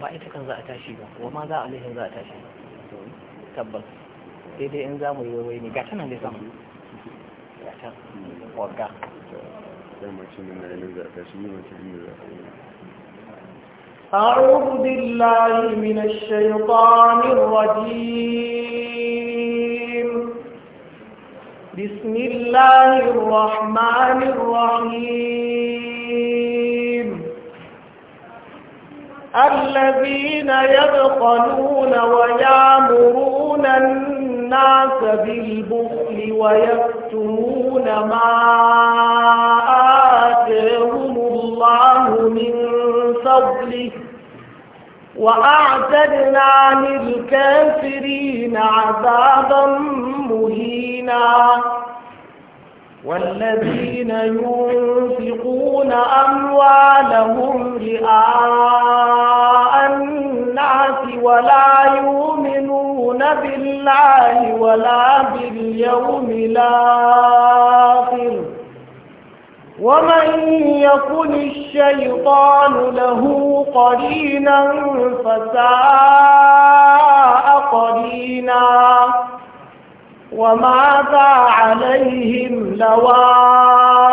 ba ita kan za a tashi ba wa ma za a alihin za a tashi tabbas sai dai in za mu yi wai ne gata nan dai sama gata wagga أعوذ بالله من الشيطان الرجيم بسم الله الرحمن الرحيم الذين يبخلون ويعمرون الناس بالبخل ويكتمون ما آتاهم الله من فضله وأعتدنا للكافرين عذابا مهينا والذين ينفقون أموالهم رئاء الناس ولا يؤمنون بالله ولا باليوم الآخر ومن يكن الشيطان له قرينا فساء قرينا وماذا عليهم لو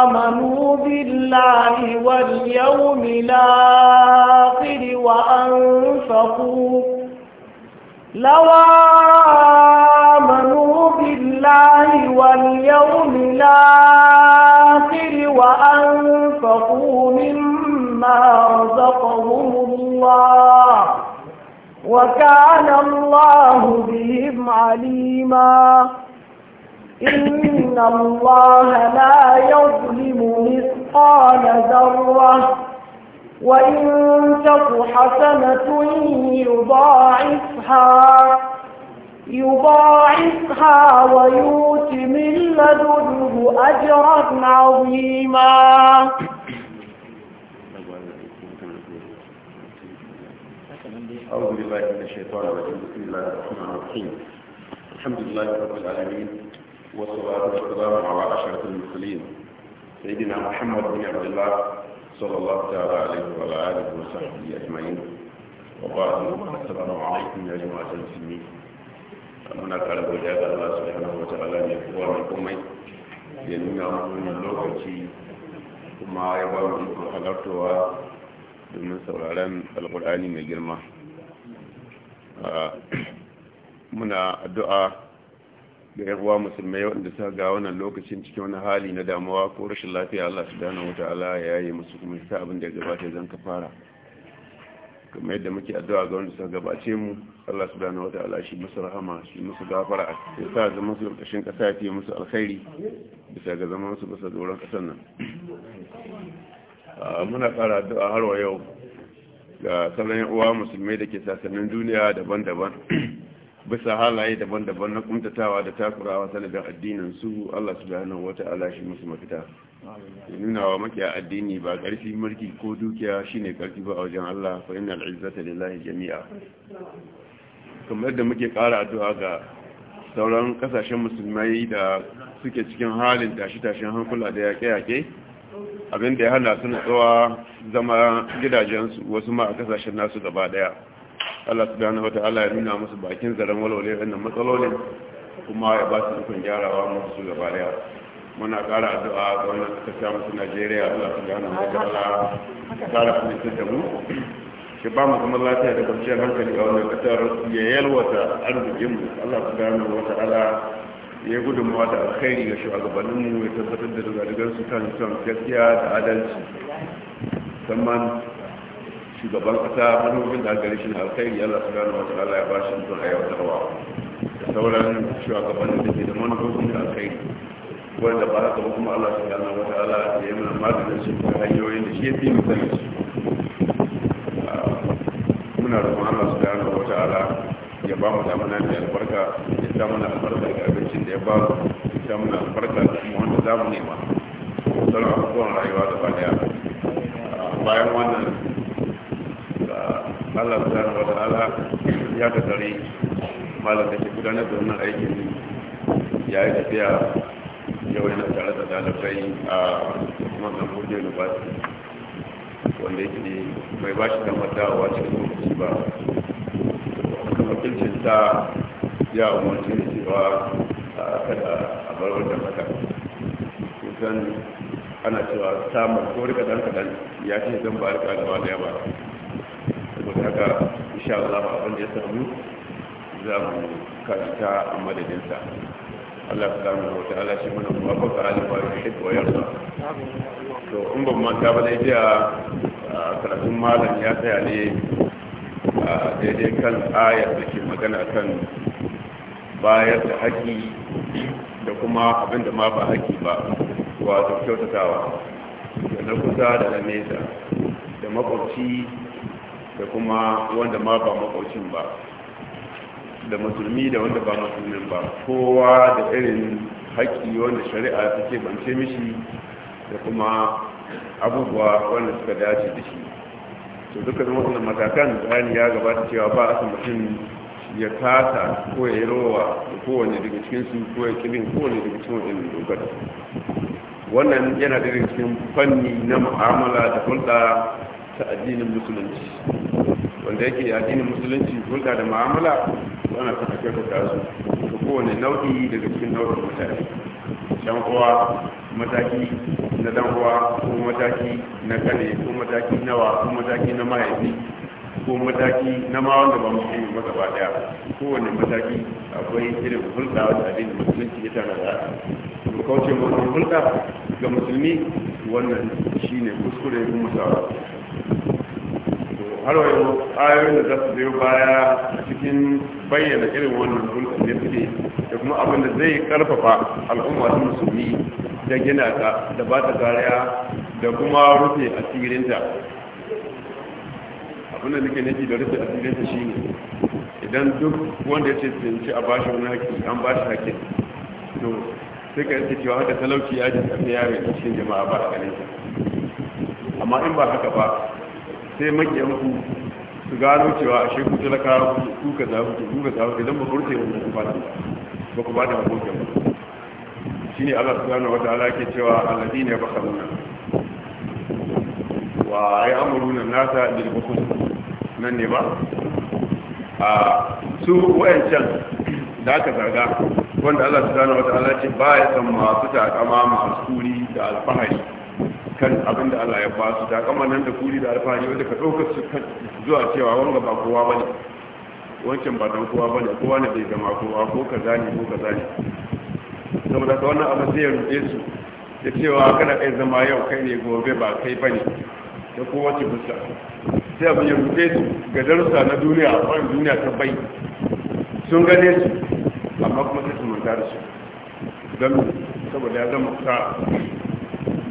آمنوا بالله واليوم الآخر وأنفقوا لو آمنوا بالله واليوم الآخر وأنفقوا مما رزقهم الله وكان الله بهم عليماً إن الله لا يظلم مثقال ذرة وإن تك حسنة يضاعفها يضاعفها ويؤت من لدنه أجرا عظيما أعوذ بالله من الشيطان الرجيم بسم الله الرحمن الرحيم الحمد لله رب العالمين والصلاة والسلام على أشرف المرسلين سيدنا محمد بن عبد الله صلى الله تعالى عليه وعلى آله وصحبه أجمعين وبعد السلام عليكم يا جماعة المسلمين أنا كارب وجاد الله سبحانه وتعالى يقول لكم ينمي من اللغة وما يبقى من حضرتها من سرعان القرآن من جرمه آه. منا الدعاء ga yawa musulmai wanda ta ga wannan lokacin cikin wani hali na damuwa ko rashin lafiya Allah subhanahu wataala ya yaye musu kuma sai abin da ya gabata zan ka fara kuma yadda muke addu'a ga wanda suka gabace mu Allah subhanahu wataala shi musu rahama shi musu gafara ya sa zama su kashin kasa ya musu alkhairi bisa ga zaman su bisa doron kasan nan ah, muna fara addu'a har wa yau ga sauran yan uwa musulmai da ke sasannin duniya daban-daban bisa halaye daban-daban na kumtatawa da takurawa sanadin addinin su Allah subhanahu wata shi musu mafita ya nuna wa makiya addini ba ƙarfi mulki ko dukiya shine ƙarfi ba a wajen Allah fa innal izzata lillahi jami'a kamar da muke ƙara addu'a ga sauran ƙasashen musulmai da suke cikin halin tashi-tashin hankula da yaƙe-yaƙe abinda ya hana suna tsawa zama gidajensu wasu ma a ƙasashen nasu gaba ɗaya Allah wata Allah ya nuna musu bakin zaren walwale wannan matsalolin kuma ya ba su ikon gyarawa musu su gaba daya muna ƙara addu'a ga wannan suka sha musu Najeriya Allah wata wataala ya ƙara amintar da mu shi ba mu kuma lafiya da kwanciyar hankali a wannan ƙasar ya yalwata arzikin mu Allah wata ala ya gudunmawa da alkhairi ga shugabanninmu ya tabbatar da dogarigar su kan son gaskiya da adalci shugaban kasa manufin da gari shi na alkhairi Allah subhanahu wa ta'ala ya ba shi mutum a yautarwa da sauran shugabannin da ke da manufofin da alkhairi wanda ba haka kuma Allah subhanahu wa ta'ala ya yi mana maganin su ta hanyoyin da shi ya fi mutane shi muna roƙon Allah subhanahu wata ta'ala ya ba mu damana da albarka ya sa mana albarka ga abincin da ya ba mu ya sa mana albarka da kuma wanda za mu nema sauran abubuwan rayuwa da ba daya bayan wannan Allah subhanahu ala ya ka tare malam da ke gudanar da wannan aikin ya yi tafiya yau yana tare da dalibai a wannan na university wanda yake ne mai ba shi damar dawowa cikin lokaci ba kilcin ta ya umarci da cewa kada a bar wajen haka kusan ana cewa samun ko rika dan kadan ya ce zan ba rika gaba da yawa haka insha Allah ba abin da ya samu za mu karanta a madadinsa Allah samu wa ta'ala shi mana kuma muwafaqa ala ma yuhibbu wa yarda to in ban manta ba dai jiya karatun malam ya tsaya ne a daidai kan ayar da ke magana kan bayar da haƙi da kuma abin da ma ba haƙi ba wato kyautatawa da na kusa da na nesa da makwabci da kuma wanda ma ba makaucin ba da musulmi da wanda ba musulmin ba kowa da irin haƙƙi wanda shari'a ta ke bance mishi da kuma abubuwa wanda suka dace da shi to da wannan matakan bayani ya gabata cewa ba a mutum ya kasa ko ya yi rowa da kowane daga su ko ya kibin kowane daga cikin wajen dokar wannan yana daga cikin fanni na mu'amala da hulɗa ta addinin musulunci wanda yake addinin musulunci hulɗa da ma'amala mu'amala ana saka ta su ta kowane nau'i daga cikin nau'in mutane dan uwa mataki na dan uwa ko mataki na kane ko mataki na wa ko mataki na mahaifi ko mataki na ma wanda ba musulmi ba daya kowane mataki akwai irin hulɗa da addinin musulunci ya tana da mu kauce hulɗa ga musulmi wannan shine har wa yau ayoyin da za su biyo baya cikin bayyana irin wannan hulɗar da suke da kuma abin da zai karfafa al'umma ta musulmi da gina ta da ba ta kariya da kuma rufe asirinta abin da nake nufi da rufe asirinta shine idan duk wanda ya ce tsinci a bashi wani haƙƙi an bashi haƙƙin to sai ka yanke cewa haka talauci ya ji tafiya mai cikin jama'a ba a ganin amma in ba haka ba sai makiyanku su gano cewa a shekku talaka ku ka zafi ku ka zafi don ba kurce wani kuma fata ba ku bada makokin ba ne Allah subhanahu wata ta'ala ke cewa ne ba yabkhaluna wa ya amuru na nasa da bukhul nan ne ba a su wayancan da aka zarga wanda Allah subhanahu wata ta'ala ce ba ya san masu takama masu kuri da alfahari kan abin da Allah ya ba su takama nan da kuri da alfahari wanda ka ɗaukar su zuwa cewa wanga ba kowa ba ne wancan ba dan kowa ba ne kowa ne bai gama kowa ko ka zane ko ka zane saboda ka wannan abin zai rufe su da cewa kana kai zama yau kai ne gobe ba kai ba ne da kowace fuska sai abin ya rufe su ga darussa na duniya a ɓarin duniya ta bai sun gane su amma kuma sai su manta da su don saboda ya zama ta.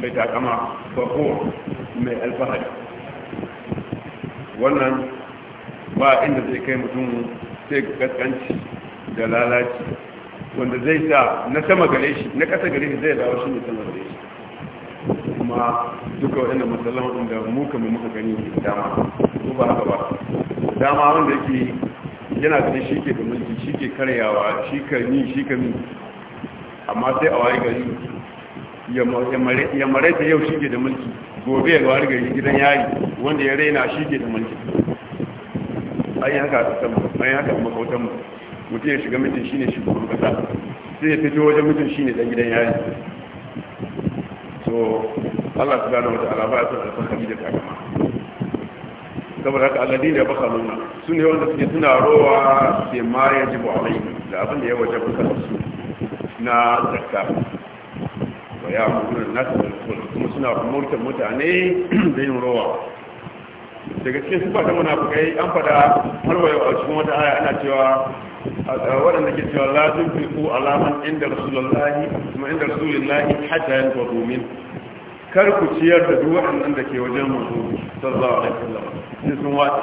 mai takama ko mai alfahari wannan ba inda zai kai mutum sai kaskanci da lalaci wanda zai sa na sama gare shi na kasa gare shi zai dawo shi ne sama gare shi kuma duka waɗanda matsalan waɗanda mu kamar muka gani dama ko ba haka ba dama wanda yake yana ganin shi ke da mulki shi ke karyawa shi ka ni shi ka mi amma sai a waye gari ya maraita yau shige da mulki gobe ya gawar gari gidan yari wanda ya raina shige da mulki ayi haka a sama ayi haka a mu. mutum ya shiga mutum shine shugaban kasa sai ya fito wajen mutum shine dan gidan yari so Allah subhanahu gano wata alaba ya san alfahari da takama saboda haka nuna su ne wanda suke suna rowa sai ma yajibu alaihi da abin da ya wajaba su na zakka ya amurna nasu da kuma suna murta mutane da yin rawa daga cikin sufa ta munafukai an fada har wayo a cikin wata aya ana cewa waɗanda ke cewa la tunfiqu alaman inda rasulullahi kuma inda rasulullahi hatta yanfadu min kar ku ciyar da duk waɗannan da ke wajen manzo sallallahu alaihi wasallam sai sun wata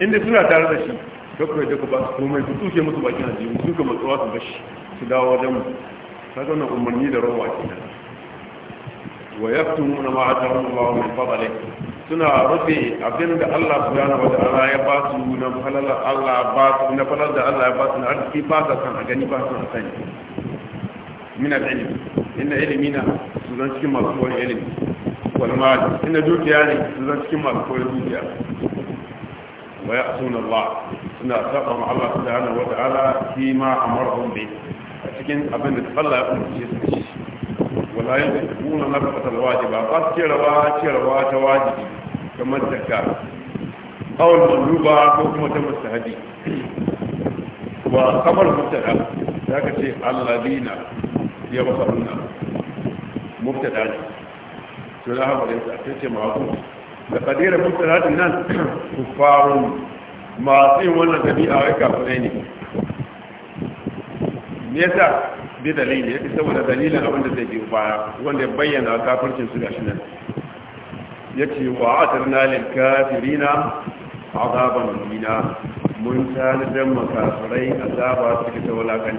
inda suna tare da shi kar ku ku ba su komai ku tsuke musu bakin ajiyu su ka matsuwa su bashi su dawo wajen kaga wannan umarni da rawa kenan wa yaktumuna ma atahum Allah min fadli suna rufe abin da Allah subhanahu wa ta'ala ya ba su na falala Allah ba su na falala da Allah ya ba su na arziki ba sa san a gani ba sa san min al-ilm inna na, su zan cikin masu koyon ilimi wal mal inna dukiya ne su zan cikin masu koyon dukiya wa ya'tuna Allah suna saba ma Allah subhanahu wa ta'ala fi ma amarhum bihi a cikin abin da Allah ya umarce su shi wala ya kuna na fatal wajiba ba su rawa cerawa ta wajibi kamar zakka awal manduba ko kuma ta mustahabi wa kamar mubtada zaka ce alladina ya ba basaruna mubtada ne to da haka da ta ce ma ku da kadira mubtada nan kufarun masu yin wannan dabi'a ai kafirai ne me yasa bi dalili yake saboda dalilin abin da zai biyo baya wanda ya bayyana kafircin su gashi nan Ya ce, wa atarna lil kafirina azaban mubina mun tana dan makafirai azaba su ta a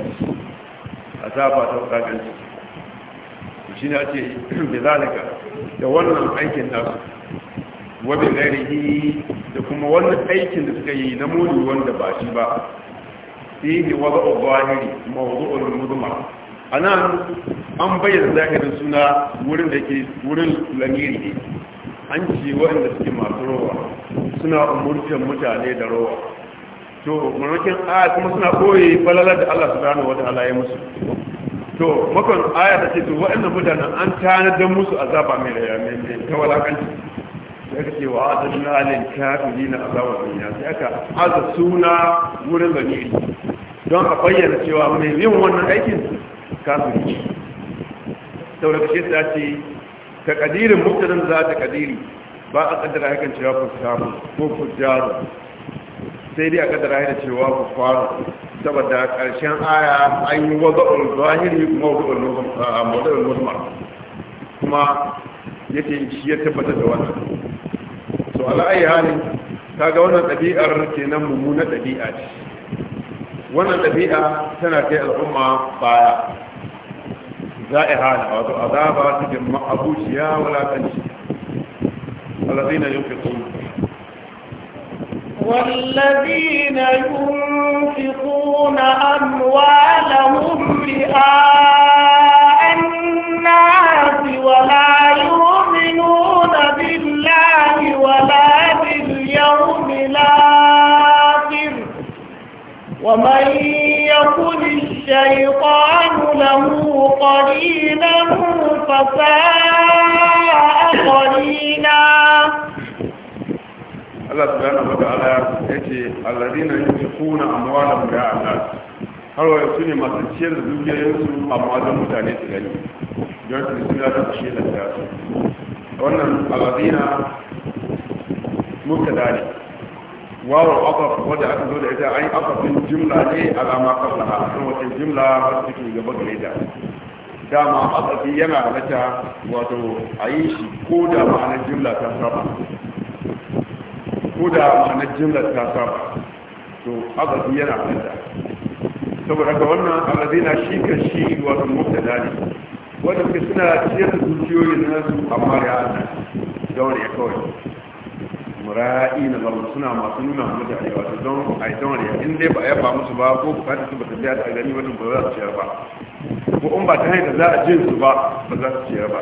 azaba ta walakanci shi ne ce bai zalika da wannan aikin nasu wa bi da kuma wannan aikin da suka yi na muni wanda ba shi ba فيه وضع zahiri موضوع mudmar أنا an bayyana zahirin suna wurin da ke wurin أنشي ne an ce waɗanda suke masu rowa suna umurtar mutane da rowa to mamakin aya kuma suna koyi falalar da Allah subhanahu wa ta'ala ya musu to makon aya ta ce to waɗannan mutanen an tanadar musu azaba mai mai ta sai wa adalna lil kafirina azaba dunya sai aka aza suna wurin lamiri don a bayyana cewa mai yin wannan aikin kafiri saboda kashe ta ce ta kadirin mutanen za ta kadiri ba a kaddara hakan cewa ku samu ko ku jaro sai dai a kaddara hakan cewa ku faru saboda karshen aya an yi wadda zahiri kuma wazo'ul musmar kuma yake shi ya tabbatar da wannan to ala'ayi halin ga wannan ɗabi'ar kenan mummuna ɗabi'a ce wannan ɗabi'a tana kai al'umma baya za'iha da wato azaba cikin ma'abuciya wulatanci الذين ينفقون والذين ينفقون أموالهم رئاء ومن يقل الشيطان له قليلا فساء قليلا الله سبحانه وتعالى يأتي الذين ينفقون أموالهم رعاء الناس هل هو يسمى ما تشير ذوي ينسوا أموالهم تاني تغني جونت بسم الله تشير الذات وأن الذين مبتدأ wawar asaf wadda aka zo da ita an yi asafin jimla ne alama kasa a cikin wata jimla har take gaba gare da dama asafi yana halatta wato a shi ko da ma'anar jimla ta saba ko da ma'anar jimla ta saba to asafi yana halatta saboda ga wannan alazina shi ka shi wato mubtada ne wanda suna ciyar da dukiyoyin nasu amma ya wani kawai mura'ina ba suna masu nuna mutane da don a yi don ya inda ba ya ba musu ba ko ta su ba ta biya ta gani wajen ba za su ciyar ba ko in ba ta hanyar da za a je su ba ba za su ciyar ba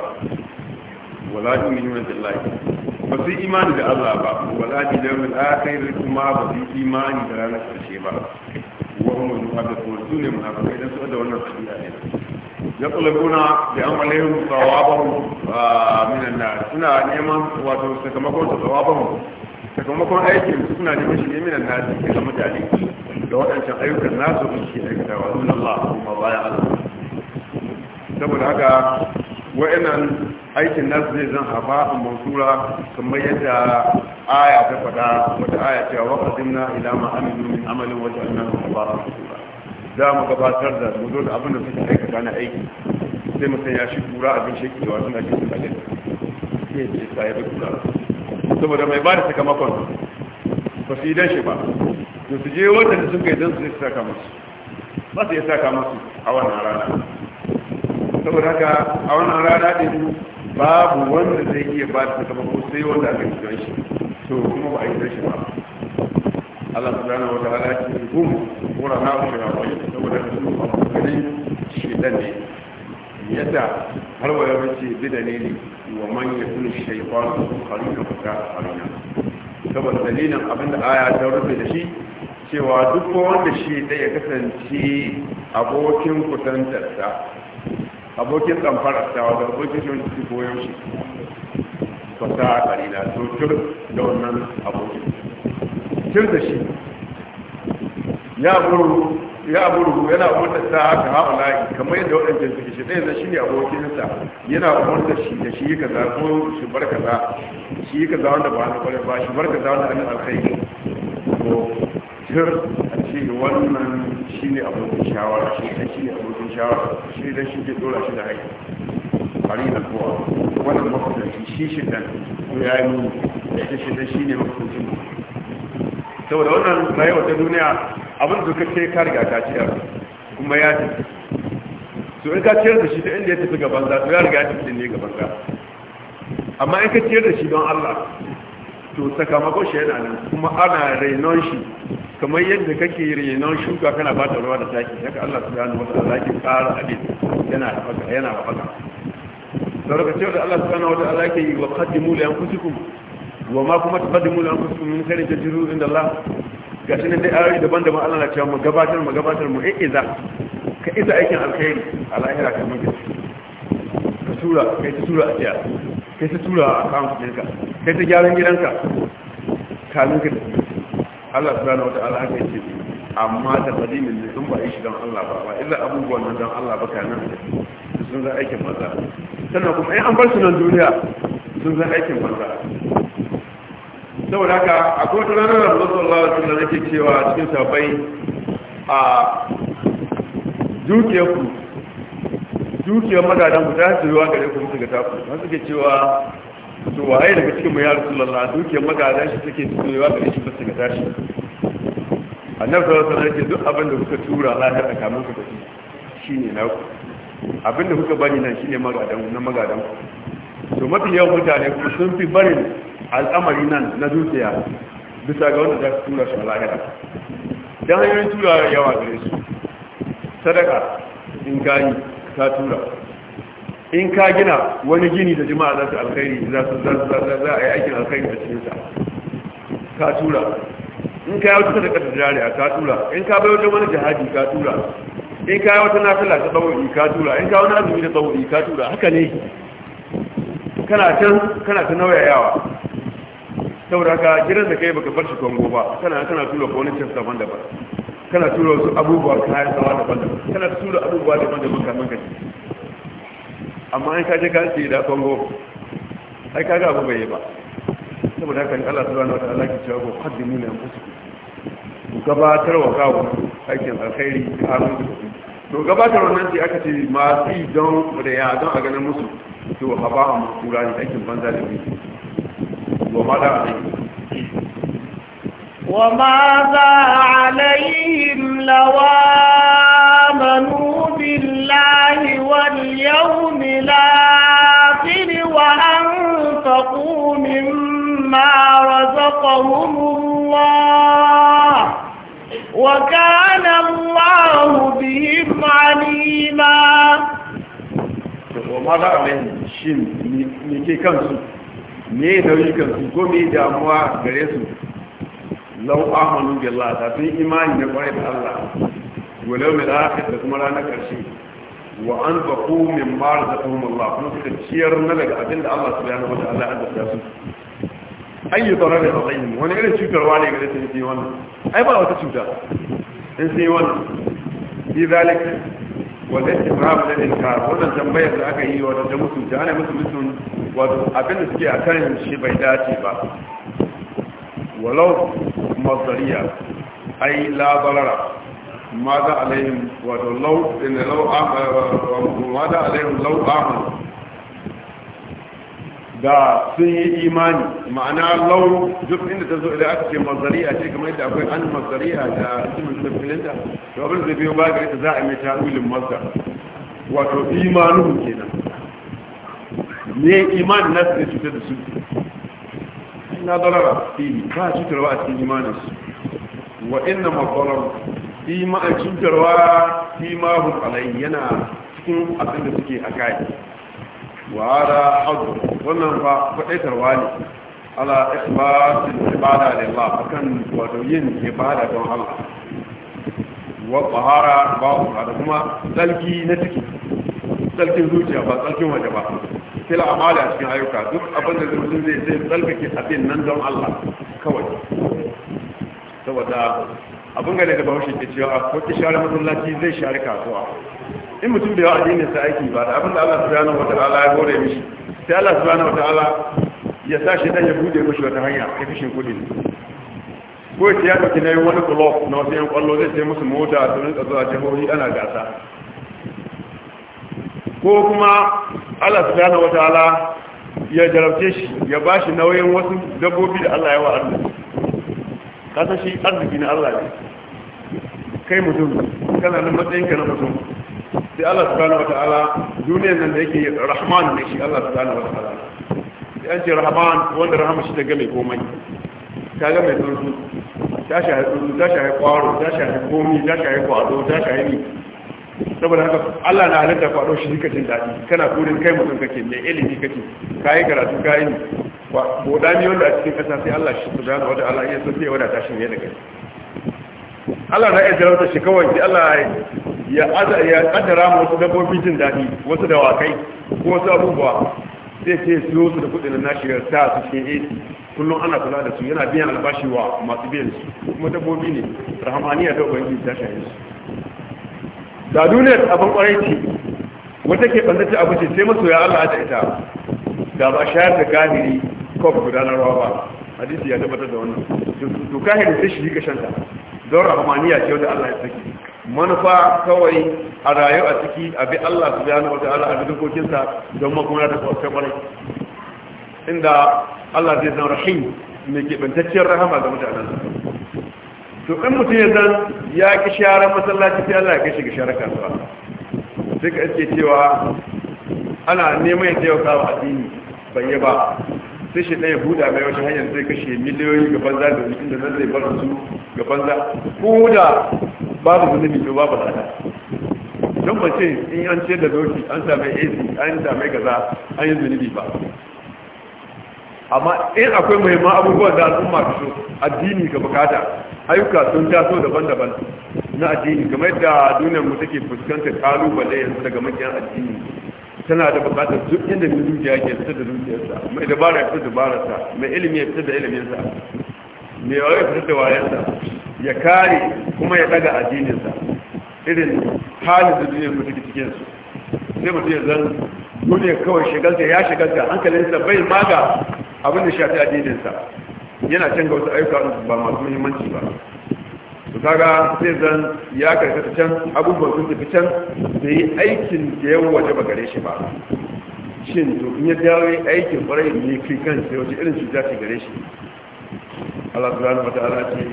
wala yi min yiwuwar jallahi ba su imani da allah ba wala yi da yamin da kuma ba su imani da ranar karshe ba wa umar da su ne muhammadu idan su da wannan tafiya ne yatsulabuna bi amalihim thawabahum min an-nar suna neman wato sakamakon thawabahum sakamakon aikin suna neman shi ne min an-nar ke da mutane da waɗancan ayyukan nasu da suke aikatawa sun Allah kuma bayan Allah saboda haka wa'annan aikin nasu zai zan hafa a mansura kamar yadda aya ta faɗa wata aya cewa wa qadimna ila ma amilu min amalin wa ja'alnahu habara mansura za mu gabatar da mu zo da abin da suka aikata na aiki sai mu ya shi kura abin shekewa suna shi suka ɗin sai ya ta yi kura saboda mai ba da sakamakon ba su yi dan shi ba to su je da suka kai don su su saka musu ba su yi saka musu a wannan rana saboda haka a wannan rana ɗin babu wanda zai iya ba da sakamakon sai wanda aka yi don shi to kuma ba a yi don shi ba Allah subhanahu wa ta'ala ya ce kura na shi ya wani saboda da su gani shi dan ne yadda har wa yau ce bi dalili wa man yakun shaytanu qarina ka qarina saboda dalilin abinda aya ta rufe da shi cewa duk wanda shi da ya kasance abokin kusantarsa abokin tsamfararsa wanda abokin shi wanda su koyon shi fasa a ƙarina to tur da wannan abokin tur da shi ya buru ya buru yana wanda ta haka ha'ula'i kamar yadda waɗancan suke shi ɗaya shi ne abokinsa yana wanda shi da shi kaza ko shi bar kaza shi kaza wanda ba na kwarai ba shi bar kaza wanda ana alkhairi ko tir a ce wannan shi ne abokin shawara shi ne shi ne abokin shawara shi ne shi ke dora shi da haƙƙi bari na kowa wannan mafitanci shi shi ɗan ya yi nuni da shi shi ne mafitanci saboda wannan rayuwa ta duniya abin da kake ka riga ka ciyar kuma ya ci to in ka ciyar da shi ta inda ya tafi gaban za to ya riga ya tafi ne gaban ka amma in ka ciyar da shi don Allah to sakamakon shi yana nan kuma ana rainon shi kamar yadda kake rainon shuka kana ba ta ruwa da taki haka Allah subhanahu wa ta'ala yake tsara abin yana yana baka saboda cewa da Allah subhanahu wa ta'ala yake wa qaddimu li anfusikum wa ma kuma taqaddimu li anfusikum min khairin tajidu inda Allah gashi ne dai ayoyi daban-daban Allah na cewa mu gabatar mu gabatar mu iza ka iza aikin alkhairi a lahira kamar gaske ka tura kai ta tura a tiya kai ta tura a account ɗinka kai ta gyaran gidanka kamin ka Allah subhanahu wa ta'ala haka yake amma da fadimin ne sun ba yi shi don Allah ba ba illa abubuwan nan don Allah ba kanan sun za aikin maza sannan kuma in an bar su nan duniya sun za aikin maza saboda haka a kowace ranar da sallallahu alaihi wasallam yake cewa cikin sabai a dukiyarku dukiyar magadan ku ta tsayuwa gare ku musu ga taku har suke cewa to waye daga cikin mu ya A dukiyar magadan shi take tsayuwa gare shi musu ga tashi annabi sallallahu alaihi wasallam yake duk abin da kuka tura ya a muku da shi shine naku abin da kuka bani nan shine magadan na magadan ku to mafi yawan mutane sun fi barin al'amari nan na zuciya bisa ga wanda za su tura shi lahira don hanyoyin tura yawa gare su sadaka in ka yi ta tura in ka gina wani gini da jima'a za su alkhairi za su za a yi aikin alkhairi da cikin sa. ka tura in ka yi wata sadaka da jariya ka tura in ka bai wajen wani jihadi ka tura in ka yi wata nafila ta tsawo'i ka tura in ka wani azumi da tsawo'i ka tura haka ne kana can kana ta nauyayawa saboda haka gidan da kai baka bar shi kongo ba kana kana tura kwanancin daban daban kana tura wasu abubuwa kayan sawa daban daban kana tura abubuwa daban daban kamar ka amma in ka je ka ce da kongo ai kaga abu bai yi ba saboda haka Allah subhanahu wa ta'ala ki cewa ko qaddimu li anfusikum ku gabatar wa kawo aikin alkhairi a ku. to gabatar wannan sai aka ce masu don da ya don a ganin musu to haba mu kura ne aikin banza da biyu وماذا عليهم وماذا عليهم لو آمنوا بالله واليوم الآخر وأنفقوا مما رزقهم الله وكان الله بهم عليما وماذا عليهم شيء من كي كنسوا me nauyukan su ko me damuwa gare su lau amanu billah ta fi imani na kwarai da Allah walau mai lafiya da kuma ranar ƙarshe wa an baku min mara da kuma Allah kuma suka ciyar na daga abin da Allah subhanahu wata allah an da su an yi tsoron da tsakai wani irin cutarwa ne gare su yi wannan ai ba wata cuta in yi wannan bi zalik wal istifham lil inkar wannan tambayar da aka yi wa da jihar jana mutu-mutu. wato abinda suke a kan shi bai dace ba walau mazariya ai labarara ma za a layin wato lau da sun yi imani ma'ana lau duk inda ta zo idan aka ce mazariya ce kamar yadda akwai an mazariya da cikin tafilinta to abin da biyo ba gare ta za a yi mai ta'ulin mazda wato imanuhu kenan ne imanin nasu ne cutar da su na darara fiye ba a cutarwa a cikin imanin su wa inna mafarar fi ma a cutarwa fi ma hun alai yana cikin abin da suke a kai wa ala hadu wannan ba faɗaitarwa ne ala ikhlasin ibada lillah kan wato yin ibada don Allah wa tsahara ba da kuma tsalki na ciki tsalkin zuciya ba tsalkin waje ba Kila amala a cikin ayyuka duk abin da mutum zai sai tsalkake abin nan don Allah kawai saboda abin gane da bahaushe ke cewa ko ki share masallaci zai share kasuwa in mutum da yawa addinin sa aiki ba da abin da Allah subhanahu ala ya hore mishi sai Allah subhanahu ala ya sa shi dan ya bude mishi wata hanya ta fishin kudi ko ya ya dauki nayin wani club na wasu yan kwallo zai ce musu mota su rinka zuwa jihohi ana gasa ko kuma Allah subhanahu wataala ya jarabce shi ya ba shi nauyin wasu dabbobi da Allah ya wa arziki kasa shi arziki na Allah ne kai mutum kana nan matsayinka na mutum sai Allah subhanahu wataala duniyar nan da yake rahman ne shi Allah subhanahu wataala sai an ce rahman wanda rahama shi ta game komai ta game tsuntsu ta shahi tsuntsu ta shahi kwaro ta shahi komi ta shahi kwado ta shahi saboda haka Allah na halitta faɗo shi kika jin daɗi kana kurin kai mutum kake mai ilimi kake yi karatu ka ne ba boda ne wanda a cikin ƙasa sai Allah shi su gano wata Allah ya sosai sai ta shi ne da kai Allah na iya jarauta shi kawai sai Allah ya ya kaddara mu wasu dabbobi jin daɗi wasu dawakai ko wasu abubuwa sai ce siyo su da kuɗin na ya sa su ke AC kullum ana kula da su yana biyan albashi wa masu biyan su kuma dabbobi ne rahamaniya da ubangiji ta shaye su da duniyar abin kwarai ce wata ke ɓanzace abinci sai masoya Allah da ita da ba shayar da gahiri kof rawa ba hadisi ya tabbatar da wannan to gahiri sai shi ga shanta don rahmaniya ce wata Allah ya saki manufa kawai a rayu a ciki abi Allah su wata Allah a dokokin sa don makuna da kwatar kwarai inda Allah zai zan rahim mai keɓantacciyar rahama ga mutanen to in mutum ya zan ya ki sharar masallaci sai Allah ya kai shi ga sharar kasuwa sai ka ake cewa ana neman ya taimaka wa addini bai yi ba sai shi ɗaya buɗa mai wata hanyar zai kashe miliyoyi ga banza da jikin da zai bar su ga banza ko da babu zunubi to babu ta. don ba ce in an ce da doki an same ac an same gaza an yi zunubi ba amma in akwai muhimman abubuwan da al'umma su addini ga bukata ayyuka sun taso daban-daban na addini game da duniyar mu take fuskantar kalubale yanzu daga makiyan addini tana da bukatar duk inda mai zuciya ke fitar da zuciyarsa mai dabara ya fitar da dabararsa mai ilimi ya fitar da iliminsa mai wayo ya fitar da wayansa ya kare kuma ya daga addininsa irin halin da duniyar mu take cikin su sai mutum ya zan duniyar kawai shigalta ya shigalta hankalinsa bai maga abin da shafi addininsa yana can ga wasu ayyuka ba masu muhimmanci ba su kaga sai zan ya karkata can abubuwan sun tafi can da yi aikin da yawon waje ba gare shi ba shin to in ya dawo aikin kwarai ne kai kan sai wace irin cuta ce gare shi Allah zana wata ala ce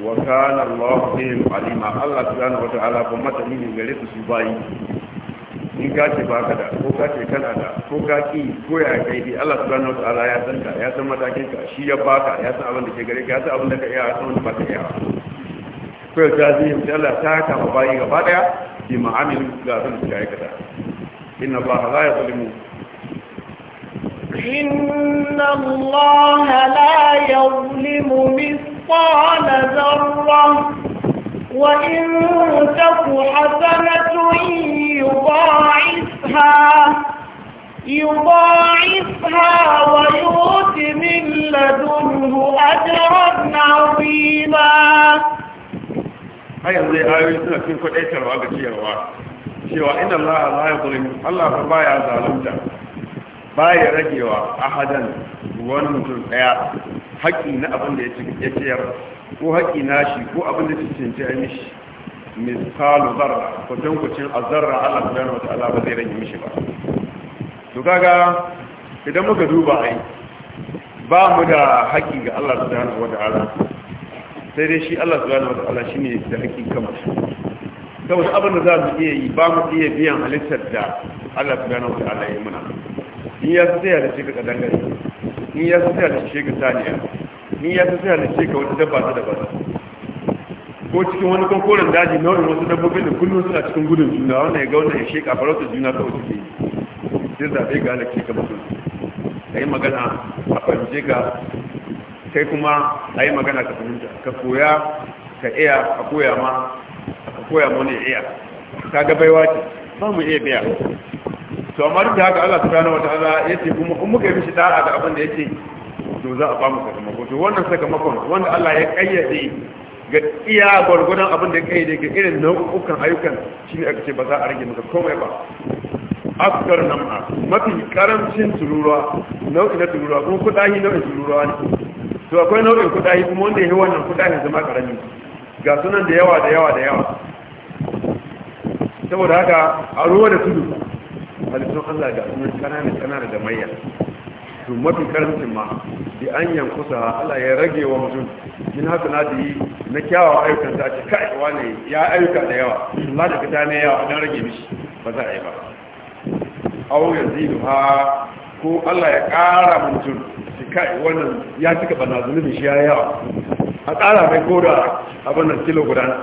wa kana Allah bihim alima Allah subhanahu wa ta'ala kuma mata ne gare su su bayi in ka ce ka da ko ka ce kana da ko ka ki ko ya kai dai Allah subhanahu wataala ya san ka ya san matakin ka shi ya baka ya san abin da ke gare ka ya san abin da ka iya ya san wanda ka iya ko ya ta zai mutu Allah ta haka ba bayi gaba daya bi ma'amil ga san da ya aikata inna Allah la yuzlimu إن الله لا يظلم مثقال ذرة وإن تك حسنة يضاعفها يضاعفها ويؤت من لدنه أجرا عظيما har yanzu ayoyi suna cikin kwadaitarwa ga ciyarwa cewa inda Allah la ya zulmi Allah fa baya zalunta baya ragewa ahadan wani mutum daya haƙi na abin da ya ciyar ko haƙi na shi ko abin da ya mishi misalu zarra kwatan kucin azarra Allah subhanahu ta'ala ba zai rage mishi ba to kaga idan muka duba ai ba mu da haƙi ga Allah subhanahu ta'ala sai dai shi Allah subhanahu ta'ala shine da haƙi kamar saboda abin da za mu iya yi ba mu iya biyan halittar da Allah subhanahu ta'ala ya muna in ya sai da shi ka dangare in ya sai da shi ka taniya in ya sai da shi ka wata dabba ta dabba ko cikin wani konkoren daji nau'in wasu dabbobin da kullum suna cikin gudun juna wannan ya ga wannan ya sheka farautar juna kawai wasu yi sai zaɓe ga alaƙi ka mutum ka yi magana a fahimce ka kai kuma a yi magana ka fahimta ka koya ka iya a koya ma ka koya ma wani ya iya ka ga baiwa ce ba mu iya biya to amma duk da haka Allah subhanahu ya ce, kuma in muka yi mishi da'a da abin da yake to za a ba mu sakamako to wannan sakamakon wanda Allah ya kayyade ga iya gwargwadon abin da kai daga irin nau'ukan ayyukan shi ne aka ce ba za a rage maka komai ba nan nam'a mafi karancin tururuwa nau'i na tururuwa kuma kudahi nau'in tururuwa ne to akwai nau'in kudahi kuma wanda ya yi wannan kudahi zama karami ga sunan da yawa da yawa da yawa saboda haka a ruwa da tudu halittun allah ga sunan kanana kanana da mayya to mafi karancin ma bi an yankusa Allah ya rage wa mutum min haka na kyawawan ayyukan ta ce kai ne ya ayyuka da yawa Allah da kita ne yawa dan rage mishi ba za a yi ba aw ha, ko Allah ya kara mutum shi kai wannan ya cika bana zulubi shi ya yawa a kara mai koda abin nan kilo guda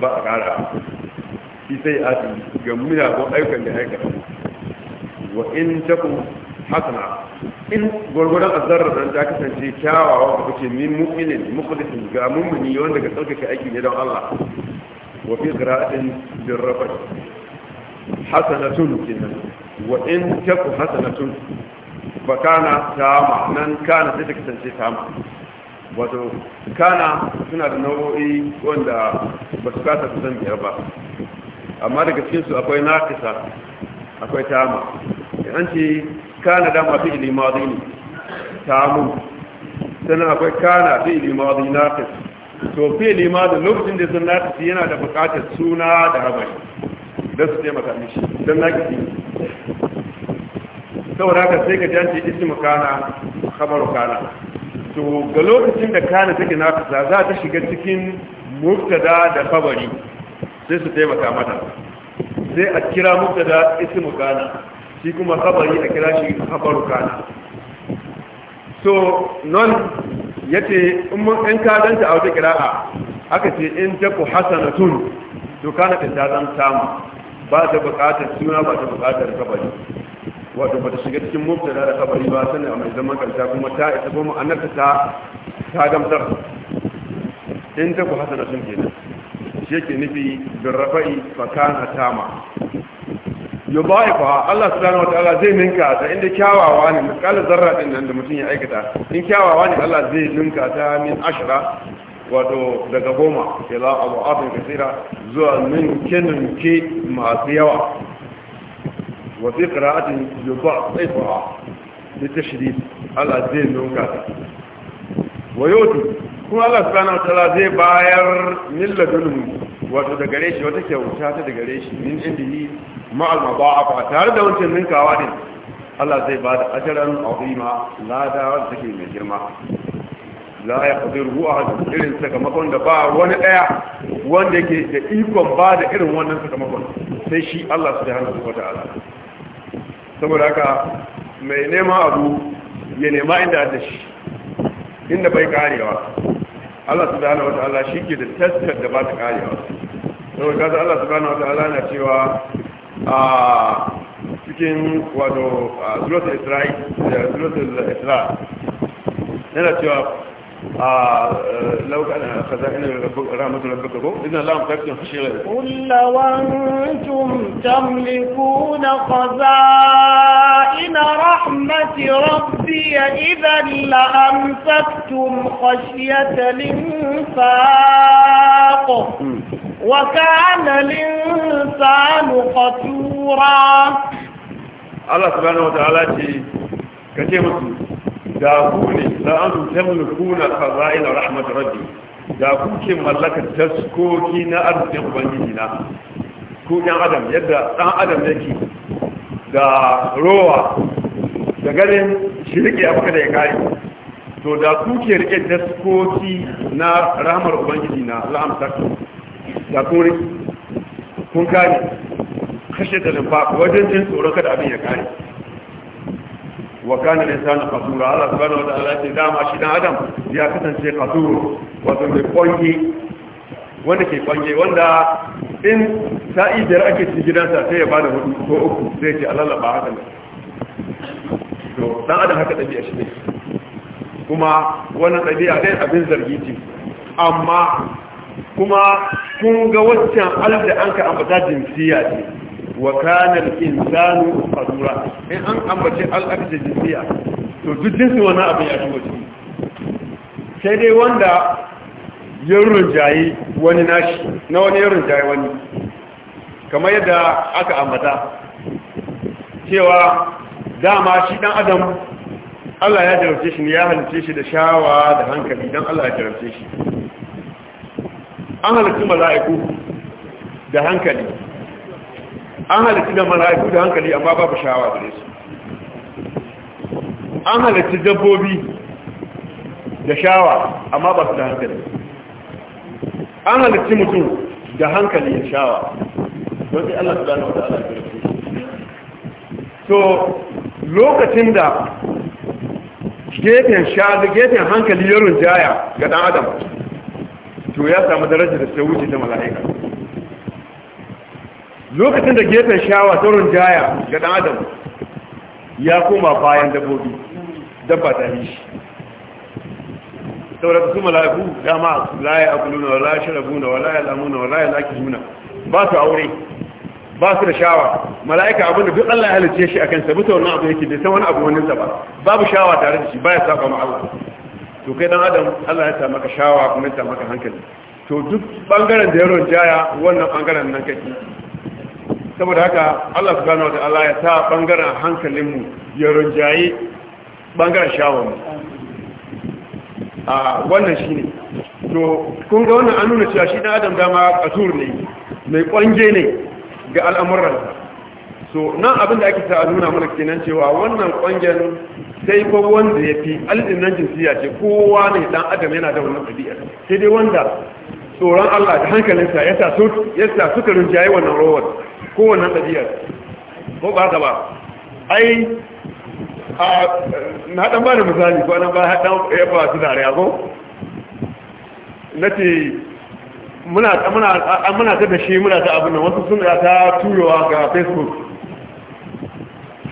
ba a kara shi sai a ga muna ko ayyukan da aikata wa in takum hasana in gwargwaron azzarar nan ta kasance kyawawa ku ce min mu'minin mukhlisin ga mummuni wanda ga tsarkake aiki ne don Allah wa fi qira'atin bil rafa hasanatun kinan wa in taku hasanatun fa kana tama nan kana sai ta kasance tama wato kana suna da nau'o'i wanda ba su kasa kusan biyar ba amma daga cikinsu akwai naƙisa akwai tama an ce kana da ma fi'li madi ne tamu sannan akwai kana fi'li madi naqis to fi'li madi lokacin da sun naqis yana da buƙatar suna da habari da su taimaka mishi dan naqis saboda haka sai ka jance ismu kana khabaru kana to ga lokacin da kana take naqisa za ta shiga cikin mubtada da khabari sai su taimaka mata sai a kira mubtada ismu kana shi kuma khabari a kira shi sabar kana so non yace in mun in ka danta a wata a? aka ce in taku tun to kana ta zan samu ba ta buƙatar suna ba ta buƙatar khabari wato ba ta shiga cikin mubtada da khabari ba sanin a mai zaman kanta kuma ta isa kuma annabta ta ta gamsar in taku hasanatun kenan shi yake nufi bin rafa'i fa kana tama yudha'ifa Allah subhanahu ta'ala zai ninka ta inda kyawawa ne misali zarra din nan da mutum ya aikata in kyawawa ne Allah zai ninka ta min ashra wato daga goma ila abu'afin kasira zuwa min ninke masu yawa wa fi qira'atin yudha'ifa bi Allah zai ninka ta kuma Allah subhanahu wataala zai bayar min ladunhu wato da gare shi wata kyauta ta da gare shi min indihi ma'al mudha'afa tare da wancan ninkawa din Allah zai ba da ajran azima lada wanda take mai girma la ya qadiru ahad irin sakamakon da ba wani daya wanda yake da ikon ba da irin wannan sakamakon sai shi Allah subhanahu wataala saboda haka mai nema abu ya nema inda da shi inda bai karewa Allah subhanahu wataala ke da taskar da ba ta karewa saboda kaza Allah subhanahu wataala na cewa a cikin wato zulotar isra'i da suratul isra yana cewa آه، لو كان خزائن رحمة ربكم إن الله مكتب خشي قل لو أنتم تملكون خزائن رحمة ربي إذا لأمسكتم خشية الإنفاق وكان الإنسان قتورا الله سبحانه وتعالى كثير مسلم da ku ne la an tamlikuna khaza'in rahmat rabbi da ke mallaka taskoki na arzikin ubangiji na ku ɗan adam yadda ɗan adam yake da rowa da ganin shi rike abuka da ya kare to da ke rike taskoki na rahmar ubangiji na ku? da ne? kun kai? kashe da ba wajen jin tsoron kada abin ya kare wa kana insanu qasura Allah subhanahu wa ta'ala ce dama shi dan adam ya kasance qasur wato mai kwangi wanda ke kwange wanda in sa'i biyar ake cikin gidansa sai ya bada hudu ko uku sai ce Allah ba haka ne to dan adam haka dabi'a shi ne kuma wannan dabi'a dai abin zargi ce amma kuma kun ga waccan alal da anka ka ambata jinsiya ce wa kana al-insanu qadura in an ambace al-abda jinsiya to duk jinsi wani abin ya shigo ciki sai dai wanda ya runjaye wani nashi na wani ya rinjaye wani kamar yadda aka ambata cewa dama shi dan adam Allah ya jarabce shi ne ya halice shi da shawa da hankali don Allah ya jarabce shi an halittu mala'iku da hankali an halitta da mara'iku da hankali amma babu shawa gare su an halitta dabbobi da shawa amma ba su da hankali an halitta mutum da hankali da shawa don sai Allah da wa ala ya so lokacin da gefen shaɗi gefen hankali yaron jaya ga ɗan adam to ya samu darajar da ta wuce ta mala'ika lokacin da gefen shawa ta runjaya ga ɗan adam ya koma bayan dabbobi dabba ta yi shi saboda su mala'iku dama la ya akuluna wa laye ya sharabuna wa laye lamuna wa laye laki juna ba su aure ba su da shawa mala'ika abinda duk Allah ya halice shi akan sabu ta wani abu yake da san wani abu wani sa ba babu shawa tare da shi baya saba ma Allah to kai dan adam Allah ya sa maka shawa kuma ya sa maka hankali to duk bangaren da ya jaya wannan bangaren nan kake saboda haka Allah subhanahu wataala ya sa bangaren hankalinmu ya rinjaye bangaren shawon a wannan shi ne. to kun ga wannan an nuna cewa shi ɗan adam dama kasur ne mai ƙwange ne ga al'amuran so nan abin da ake sa a nuna mana kenan cewa wannan ƙwangen sai ko wanda ya fi alɗinnan jinsiya ce kowa ne ɗan adam yana da wannan ɗabi'ar sai dai wanda tsoron Allah da hankalinsa ya sa suka rinjaye wannan rawar kowannan ɗabi'ar ko ba haka ba ai na ɗan ba da misali ko nan ba haɗan ya ba su dare ko na ce muna ta da shi muna ta abin nan wasu suna ta turowa ga facebook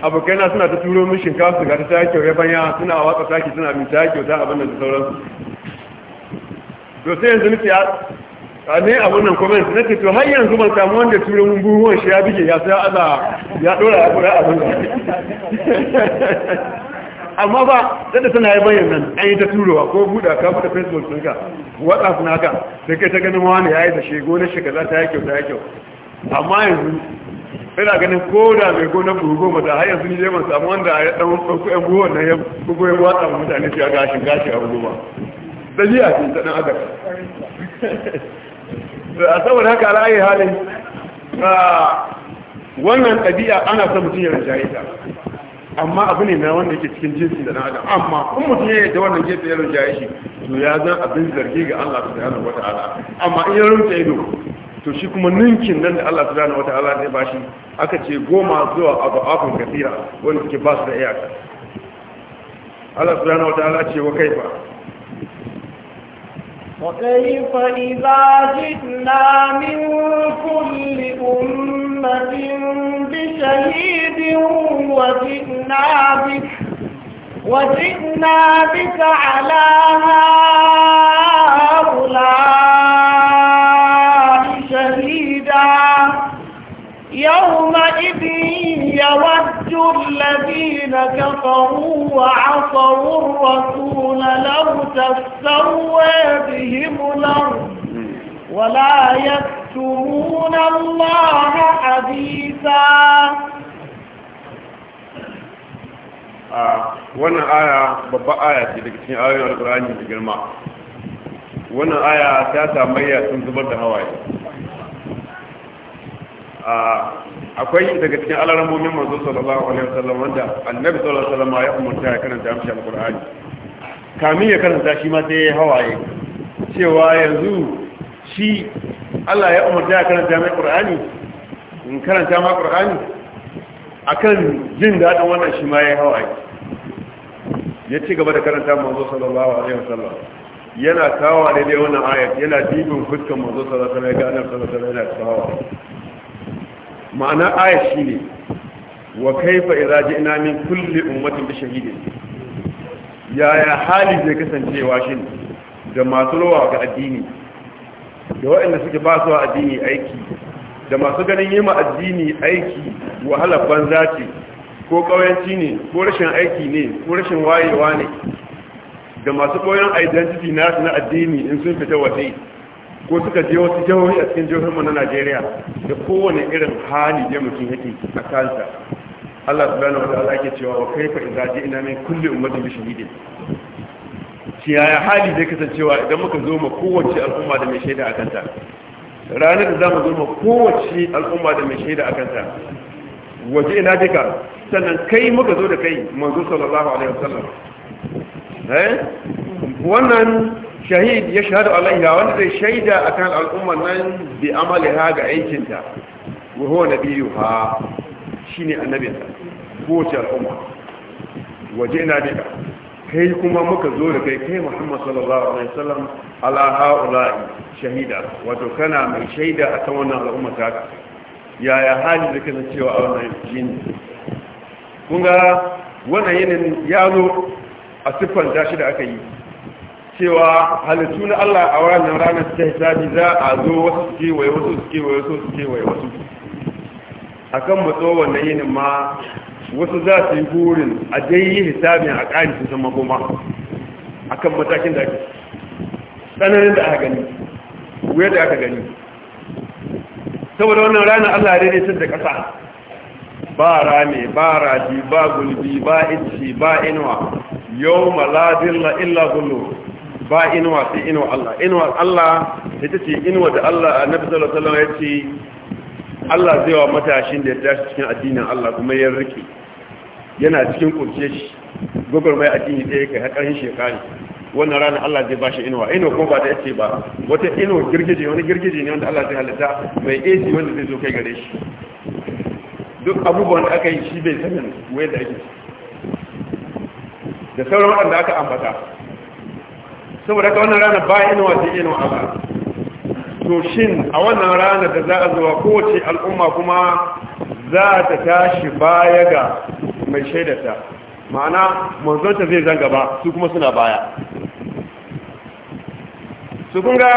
abokaina suna ta turo min shinkafa su ga ta sake yabanya suna watsa sake suna min ta kyauta abin da sauransu to sai yanzu nufi a ne a wannan comment na ce to har yanzu ban samu wanda turin buhuwan shi ya bige ya sai aza ya dora ya kura abin da amma ba da suna yi bayan nan an yi ta turowa ko buɗa ka buɗa facebook sun ka whatsapp na ka sai kai ta ganin wani ya yi da shi na shi kaza ta yi kyau ta yi kyau amma yanzu ina ganin ko da mai gonar buhu goma da har yanzu ni zai ban samu wanda ya ɗan ɗauko ƴan buhuwan nan ya bugo ya watsa mutane su ya gashin gashi a goma. Dajiya ce ta ɗan adaka. a saboda haka ala'ayi halin wannan ɗabi'a ana son mutum ya rinjaye ta amma abu ne na wanda yake cikin jinsi da na adam amma in mutum ya yadda wannan jefe ya rinjaye shi to ya zan abin zargi ga Allah wata ala amma in ya rinta ido to shi kuma ninkin nan da Allah ala ne ba shi, aka ce goma zuwa abu afin kafira wanda suke ba su da iyaka Allah wata ala ce wa kaifa وكيف إذا جئنا من كل أمة بشهيد وجئنا بك وجئنا بك على هؤلاء شهيدا يومئذ يود الذين كفروا وعصوا الرسول لو تستوى بهم الأرض ولا يكتمون الله حديثا wannan aya babba aya ce daga cikin ayoyin alkur'ani da girma wannan aya ta samayya sun zubar da hawaye akwai daga cikin alaramomin manzo sallallahu alaihi wasallam wanda annabi sallallahu alaihi wasallam ya umurta ya karanta amshi alqur'ani kamin ya karanta shi ma sai ya hawaye cewa yanzu shi Allah ya umurta ya karanta mai qur'ani in karanta ma qur'ani akan jin dadin wannan shi ma ya hawaye ya ci gaba da karanta manzo sallallahu alaihi wasallam yana kawo daidai wannan ayat yana dibin fuskan manzo sallallahu alaihi wasallam ga annabi sallallahu alaihi wasallam yana kawo ma'ana shi ne wa kaifa idza ji'na min kulli ummatin bi shahidin yaya hali zai kasancewa shin da masu rawa ga addini da waɗanda suke ba su addini aiki da masu ganin yi ma addini aiki wahalar banza ce ko ƙauyanci ne ko rashin aiki ne ko rashin wayewa ne da masu koyon identity na addini in sun fita waje ko suka je wasu jihohi a cikin jihohinmu na najeriya da kowane irin hali da mutum yake a kansa allah subhanahu wa ta'ala ke cewa wa kaifa idza ina mai kulli ummatin bi shahidin shi yaya hali zai kasancewa idan muka zo ma kowace al'umma da mai shaida a kanta ranar da za mu zo ma kowace al'umma da mai shaida a kanta waje ina duka sannan kai muka zo da kai manzo sallallahu alaihi wasallam eh wannan shahid ya shahada alaiha wanda zai shaida a kan al'ummar nan bi ha ga aikinta wa huwa nabiyuha shine Ko kowace al'umma waje na dika kai kuma muka zo da kai kai muhammad sallallahu alaihi wasallam ala haula'i shahida wato kana mai shaida kan wannan al'umma ta yaya hali da kana cewa a wannan jin kun ga wannan yanin yalo a siffanta shi da aka yi cewa halittu na Allah a wannan ranar ta hisabi za a zo wasu kewaye wasu kewaye wasu kewaye wasu a kan matso wannan yinin ma wasu za su yi burin a dai yi hisabin a ƙari su sama goma a kan matakin da ake tsananin da aka gani wuyar da aka gani saboda wannan ranar Allah daidai sun da ƙasa ba rame ba raji ba gulbi ba ba inuwa yau maladilla illa gullu ba inuwa sai inuwa Allah inuwa Allah ita ce inuwa da Allah annabi sallallahu alaihi wasallam ya ce Allah zai wa matashin da ya tashi cikin addinin Allah kuma ya rike yana cikin kurce shi gogor mai addini da yake har karshen shekari wannan rana Allah zai bashi inuwa inuwa kuma ba ta yace ba wata inuwa girgije wani girgije ne wanda Allah zai halitta mai AC wanda zai zo kai gare shi duk abubuwan da aka yi shi bai sanin wai da ake da sauran wanda aka ambata saboda ka wannan rana ba inuwa sai wa Allah to shin a wannan rana da za a zuwa kowace al'umma kuma za ta tashi baya ga mai shaidata ma'ana manzonta zai zanga ba su kuma suna baya su kunga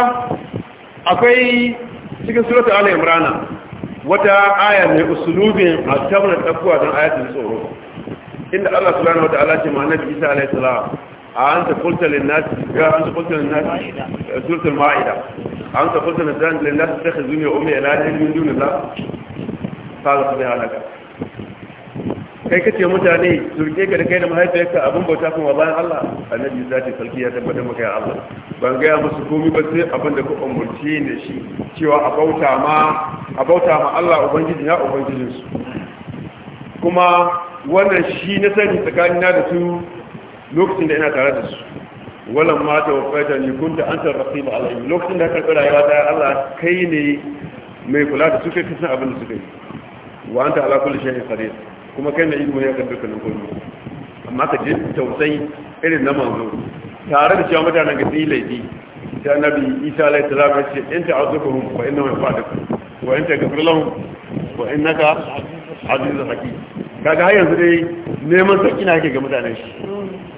akwai cikin surata ala rana wata aya mai usulubin a tabbatar tsakuwa don ayatun tsoro inda Allah subhanahu wata ta'ala ce ma Isa alaihi salam a قلت ta kulta linnati ga an ta kulta linnati suratul للناس an ta أمي linnati ta khazuni wa ummi ilahin min dunillah kai kace mutane turke ka da kai da mahaifiyarka abin bauta kuma bayan Allah annabi ya ce sarki ya tabbatar maka ya Allah ban gaya musu komai ba sai abin da ku umurce ne shi cewa a bauta ma a bauta ma Allah ubangiji ya ubangijin su kuma wannan shi na sani tsakanina da su lokacin da ina tare da su walan ma ta wafaita ni kunta anta raqiba alayhi lokacin da ka karɓi rayuwa ta Allah kai ne mai kula da su kai kasan abin da suke yi wa anta ala kulli shay'in qadir kuma kai ne ilmu ya kan nan komai amma ka ji tausayi irin na manzo tare da cewa mutanen ga sai laifi ta nabi Isa alayhi salam ya ce in ta'azukuhum fa ma fa'aduk wa in taghfir lahum wa innaka azizul hakim kaga har yanzu dai neman sakina yake ga mutanen shi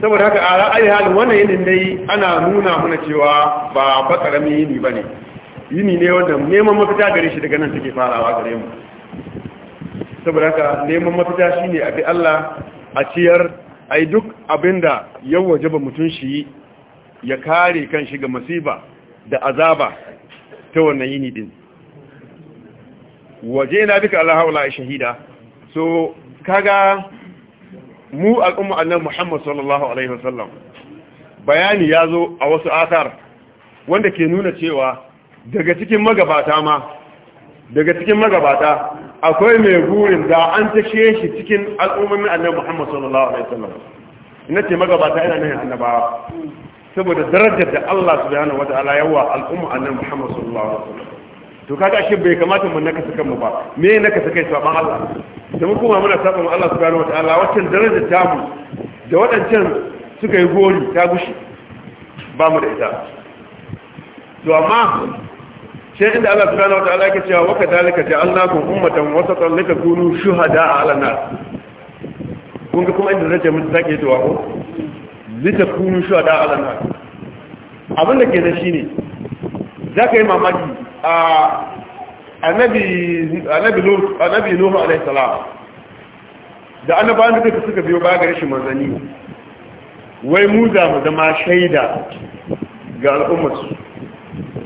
saboda haka a ra'ayi hali wannan yini dai ana nuna mana cewa ba ba karamin yini ne. yini ne wanda neman mafita gare shi daga nan take farawa gare mu saboda haka neman mafita shi ne a bi Allah a ciyar a yi duk abin da yau waje ba mutum shi ya kare kan shi ga masiba da azaba ta wannan yini din waje na duka Allah haula shahida so kaga mu al'umma annan Muhammad sallallahu alaihi wasallam bayani ya zo a wasu asar wanda ke nuna cewa daga cikin magabata ma daga cikin magabata akwai mai burin da an tashe shi cikin al'ummin annan Muhammad sallallahu alaihi wasallam ina ce magabata ina nan annabawa saboda darajar da Allah subhanahu wataala yawa al'umma annan Muhammad sallallahu alaihi wasallam to kaga shin bai kamata mu nakasa kanmu ba me nakasa kai saban Allah da mu kuma muna saban Allah subhanahu wataala waccan daraja ta mu da wadancan suka yi gori ta gushi ba mu da ita to amma sai inda Allah subhanahu wataala yake cewa waka dalika ja'alnakum ummatan wasatan litakunu shuhada 'ala nas kun ga kuma inda zai mun take to wa ko litakunu shuhada'a 'ala nas abin da ke da shine za ka yi mamaki a annabi nuhu alaihissalam da annabawan duka suka biyo baya ga rashin manzanni wai mu za mu zama shaida ga al'ummarsu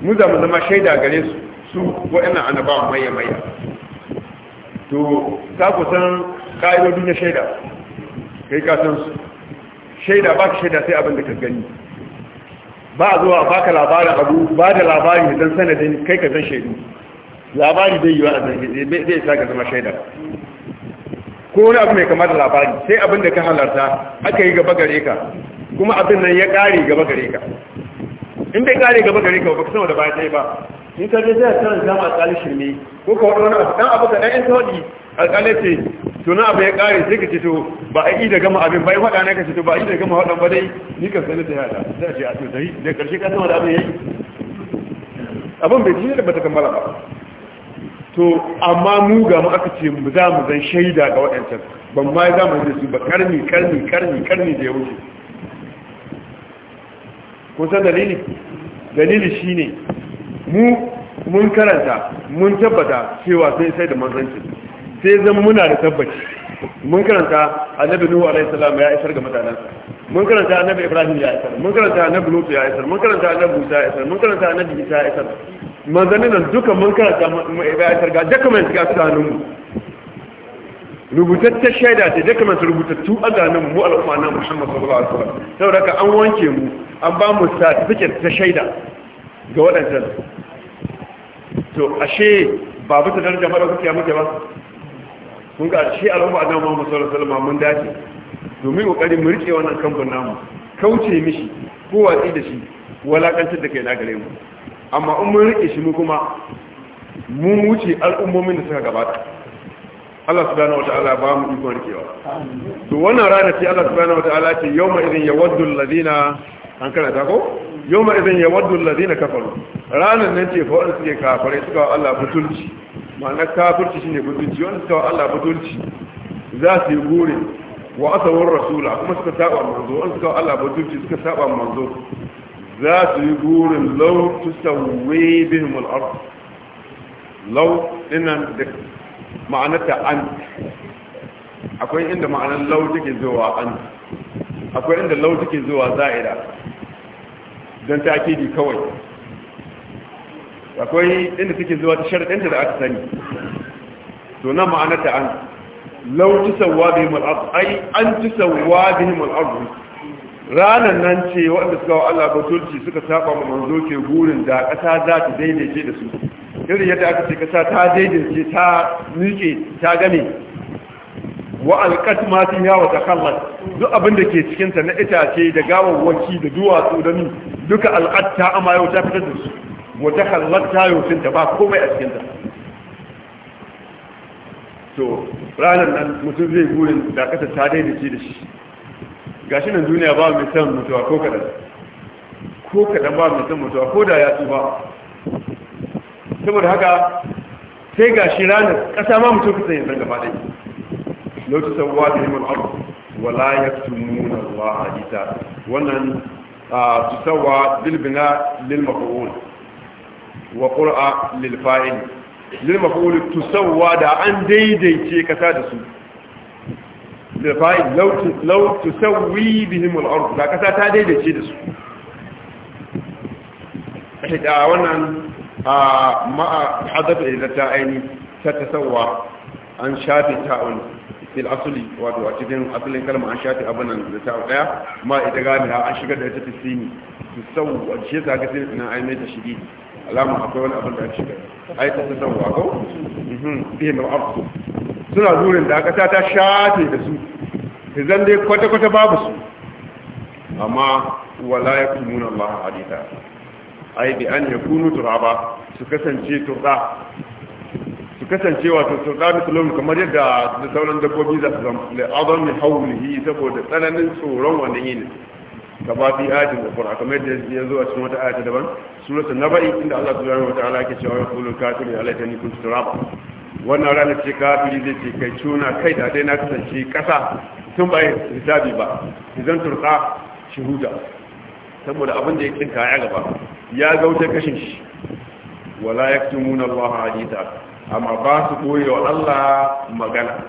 mu za mu zama shaida gare su su wa'annan annabawan maya-maya to ta kusan ka'idodin na shaida kai kasansu shaida ba ka shaida sai abin da ka gani ba a zuwa baka labarin abu ba da labari don sanadin kai ka zan shaidu labari zai yi wa a zai sa ka zama shaidar ko wani abu mai kama da labari sai abin da ka halarta aka yi gaba gare ka kuma abin nan ya kare gaba gare ka in bai kare gaba gare ka ba ka sama da baya sai ba in ka zai zai tsarin zama alƙalin shirme ko ka wani wani abu ɗan abu ka ɗan yan tawadi alƙali ce to na abu ya kare sai ka ce to ba a yi da gama abin bai faɗa na ka ce to ba a yi da gama faɗan ba dai ni kan sani ta yada za a ce a to sai da karshe ka sama da abin ya yi abin bai ce da bata kammala ba to amma mu ga mu aka ce mu za mu zan shaida ga waɗancan ban ma za mu da su ba karni karni karni karni da ya wuce ko san dalili dalili shine mu mun karanta mun tabbata cewa sai sai da manzancin sai zan muna da tabbaci mun karanta annabi nuhu alaihi salam ya isar ga mutanansa mun karanta annabi ibrahim ya isar mun karanta annabi lutu ya isar mun karanta annabi musa ya isar mun karanta annabi isa ya isar Manzanin nan duka mun karanta mu ya isar ga document ga tsanin mu rubutaccen shaida ce document rubutattu a zanen mu al'umma na muhammad sallallahu alaihi wasallam saboda ka an wanke mu an ba mu certificate ta shaida ga waɗancan to ashe babu ta daraja mara kuke muke ba kun ga shi al'umma annabi Muhammad sallallahu alaihi wasallam mun dace domin kokarin mu rike wannan kamfan namu kauce mishi ko watsi da shi walakantar da kai na gare mu amma in mun rike shi mu kuma mu wuce al'ummomin da suka gabata Allah subhanahu wata'ala ba mu iko rikewa to wannan rana ce Allah subhanahu wata'ala ce yawma idin yawaddu alladhina an kana ta ko yawma ya yawaddu alladhina kafaru ranan nan ce fa wanda suke kafare suka Allah butulci ma'ana kafirci shine butulci wanda suka wa Allah butulci za su yi gure wa asawar rasula kuma suka saba manzo wanda suka wa Allah butulci suka saba manzo za su yi gurin lau tusawwi bihim al-ard lau dinan da ma'anata an akwai inda ma'anar lau take zuwa an akwai inda lau take zuwa za'ida don ta'kidi kawai akwai inda suke zuwa ta sharɗinta da aka sani to na ta an lauci sauwa da ai an ci sauwa bihim al'adu ranar nan ce waɗanda suka wa Allah batulci suka saba ma manzo ke gurin da ƙasa za ta daidaice da su irin yadda aka ce ƙasa ta daidaice ta miƙe ta gane wa alƙat ma sun yawa ta kallar duk abin da ke cikinta na itace da gawawwaki da duwatsu da ni duka alƙat ta amma yau ta fitar da su mutakhallat tayotin ta ba komai a cikin ta to ranar nan mutum zai gurin dakata ta daida ce da shi gashi nan duniya ba mai san mutuwa ko kadan ko kadan ba mai san mutuwa ko da ya tsufa saboda haka sai gashi ranar kasa ma mutum kusa yin zanga faɗi lautu sabuwa da himan abu wala ya tumuna wa hadita wannan tusawa ah, bilbina lil maqul wa qur'a lil fa'il lil maf'ul tusawwa da an daidaice kasa da su lil fa'il law law tusawwi bihim al da kasa ta daidaice da su da wannan a ma'a hadafa idan ta aini ta tasawwa an shafe ta'un fil asli wato a cikin asalin kalma an shafe abunan da ta daya ma ita an shigar da ita fi sini su sau ce ta gasi na aimai ta shiri alama akwai wani abin da ake shiga ai ta san wa ko bihi na abu suna zurin da aka ta shafe da su zan dai kwata kwata babu su amma wala yakumuna Allah hadita ai bi an yakunu turaba su kasance turda su kasance wato turda misalin kamar yadda da sauran dabbobi za su zama da azami haulihi saboda tsananin tsoron wannan yini gaba fi ayatin ukhra kamar da ya zo a cikin wata ayata daban suratul nabai inda Allah subhanahu wataala yake cewa yaqulul kafiru alaytani kuntu turaba wannan ranar ce kafiri zai ce kai cuna kai da dai na kasance kasa tun bai hisabi ba idan turqa shuhuda saboda abin da ya kinka ya gaba ya ga wuce kashin shi wala yaktumuna Allah hadita amma ba su koyewa Allah magana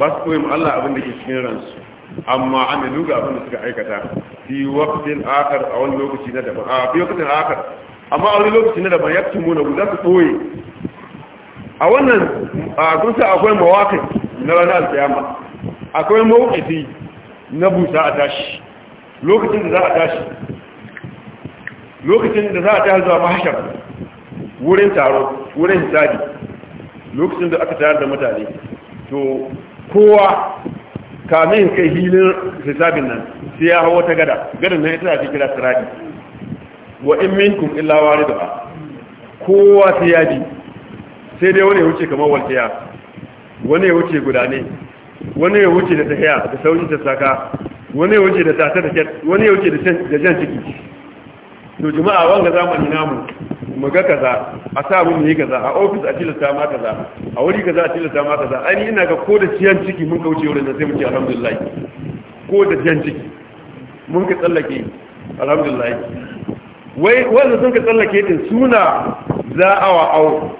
ba su koyewa Allah abin da ke cikin ransu amma amilu ga abin da suka aikata fi waqtin akhar a wani lokaci na daban a fi waqtin akhar amma a wani lokaci na daban yaktumuna guda su boye a wannan a kun sa akwai mawaqif na ranar alkiyama akwai mawqifi na busa a tashi lokacin da za a tashi lokacin da za a tashi zuwa mahashar wurin taro wurin hisabi lokacin da aka tayar da mutane to kowa kamin kai hilin hisabin nan sai ya hawa ta gada gadan nan ita ake kira sirati wa in minkum illa waridha kowa sai ya bi sai dai wani ya wuce kamar waltiya wani ya wuce gudane wani ya wuce da tahiya da sauki ta saka wani ya wuce da tata da wani ya wuce da jan ciki to jama'a wanga zamani namu mu ga kaza a sa mu yi kaza a office a tilasta ma kaza a wuri kaza a tilasta ma kaza ai ina ga ko da ciyan ciki mun kauce wurin da sai mu ce alhamdulillah ko da ciyan ciki mun ka tsallake alhamdulillah wai wanda sun ka tsallake din suna za'awa au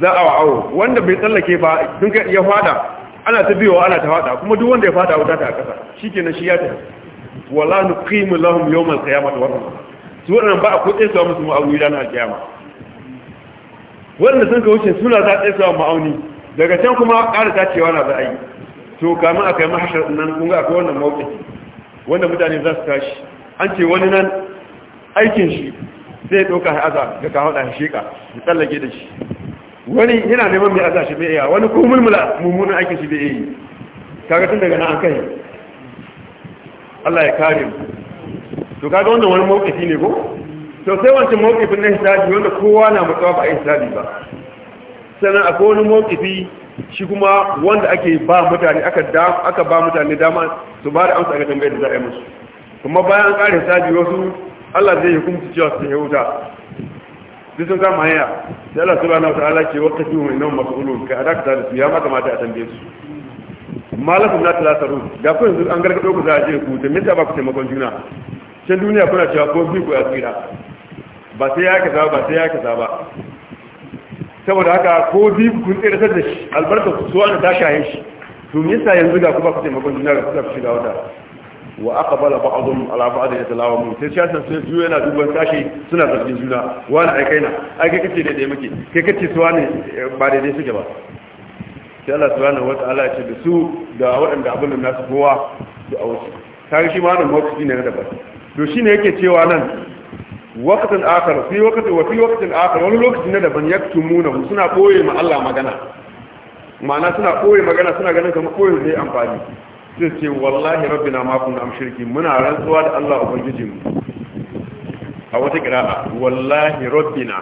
za'awa au wanda bai tsallake ba sun ka ya fada ana ta biyo ana ta fada kuma duk wanda ya fada wuta ta a kasa shikenan shi ya ta wala nuqimu lahum yawmal qiyamati wa rahmah su waɗannan ba a ko tsaye musu ma'auni ranar kiyama waɗanda sun ka wuce suna za a tsaye ma'auni daga can kuma ƙara ta cewa na za a yi to kamin a kai mahashar nan kun ga akwai wannan mawuƙi wanda mutane za su tashi an ce wani nan aikin shi sai ɗauka aza ga kawo da shi ka ya tsallake da shi wani yana neman mai aza shi bai iya wani ko mulmula mummunan aikin shi bai iya kaga tun daga nan an kai Allah ya kare mu to kaga wanda wani mawukaci ne ko to sai wancan mawkifin na hisabi wanda kowa na matsawa ba a hisabi ba sannan akwai wani mawkifi shi kuma wanda ake ba mutane aka ba mutane dama su ba da amsa ga tambayar da za a yi musu kuma bayan an kare hisabi wasu Allah zai hukunci cewa su wuta duk sun kama hanya sai Allah subhanahu wataala ke wata fi mai nan mas'ulun ka adakta da su ya mata mata a tambaye su malakum na tasaru da ku yanzu an gargado ku za a je ku da mita ba ku taimakon juna Sai duniya kuna cewa ko biyu ko ya ba sai ya kaza ba sai ya kaza ba saboda haka ko biyu kun tsira da shi albarka ku suwa da ta yin shi to me yasa yanzu ga kuma ku taimakon juna ga kuka shiga wata wa aqbala ba'dhum ala ba'd yatalawamu sai shasan sai su yana duban tashi suna zargin juna wani ai kaina ai kai kace dai muke kai kace suwa ne eh, ba daidai suke ba sai Allah subhanahu ta'ala ya ce da su da waɗanda abin da nasu kowa su aure wuce kaga shi ma wannan mawkifi ne na daban to shine yake cewa nan waqtin akhar fi waqtin wa fi waqtin akhar wani lokaci na daban yaktumuna suna koye ma Allah magana ma'ana suna koye magana suna ganin kamar koye ne amfani sai ce wallahi rabbina ma kunna am shirki muna rantsuwa da Allah ubangijin mu a wata qira'a wallahi rabbina